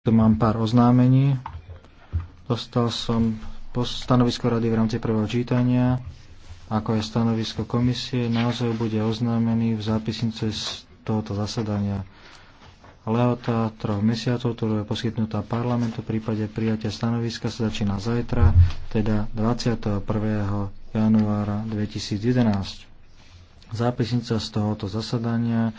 Tu mám pár oznámení. Dostal som stanovisko rady v rámci prvého čítania, ako je stanovisko komisie. Naozaj bude oznámený v zápisnice z tohoto zasadania. Lehota troch mesiacov, ktorú je poskytnutá parlamentu v prípade prijatia stanoviska sa začína zajtra, teda 21. januára 2011. Zápisnica z tohoto zasadania